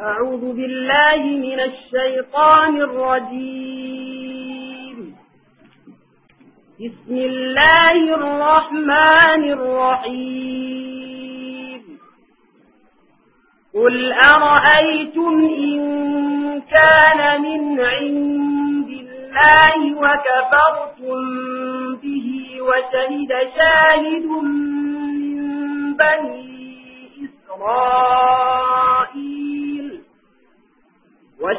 أعوذ بالله من الشيطان الرجيم بسم الله الرحمن الرحيم قل أرأيتم إن كان من عند الله وكفرتم به وشهد شاهد من بني إسرائيل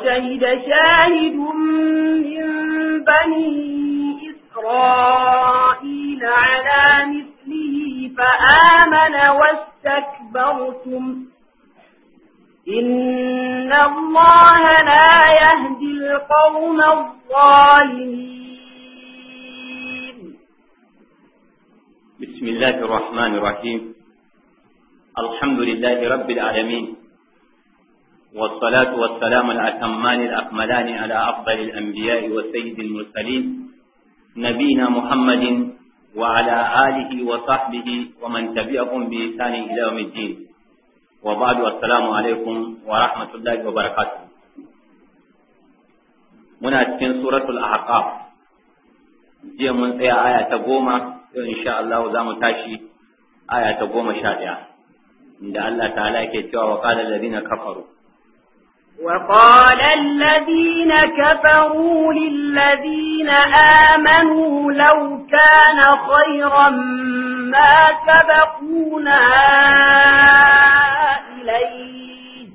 وشهد شاهد من بني إسرائيل على مثله فآمن واستكبرتم إن الله لا يهدي القوم الظالمين بسم الله الرحمن الرحيم الحمد لله رب العالمين والصلاة والسلام الأتمان الأكملان على أفضل الأنبياء والسيد المرسلين نبينا محمد وعلى آله وصحبه ومن تبعهم بإحسان إلى يوم الدين وبعد والسلام عليكم ورحمة الله وبركاته muna cikin suratul ahqaf jiya mun tsaya aya ta goma yau insha Allah za mu tashi aya ta goma sha ɗaya inda Allah ta'ala yake cewa wa qala allazina kafaru وقال الذين كفروا للذين آمنوا لو كان خيرا ما سبقونا إليه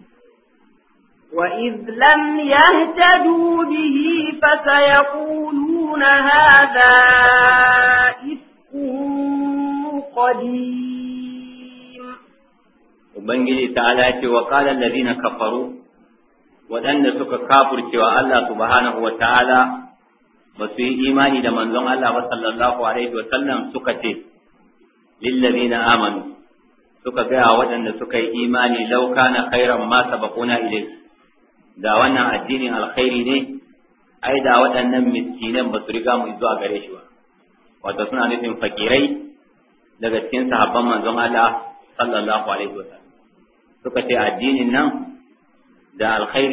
وإذ لم يهتدوا به فسيقولون هذا إفق قديم وبنجي تعالى وقال الذين كفروا waɗanda suka kafurcewa Allah subhanahu wa ta'ala ba su yi imani da manzon Allah ba sallallahu alaihi wa sallam suka ce na amanu suka gaya waɗanda suka yi imani lauka na kairan ma sabaquna ilayhi da wannan addinin alkhairi ne ai da waɗannan miskinan ba su riga mu zuwa gare shi ba wato suna nufin fakirai daga cikin sahabban manzon Allah sallallahu alaihi wa sallam suka ce addinin nan da alkhairi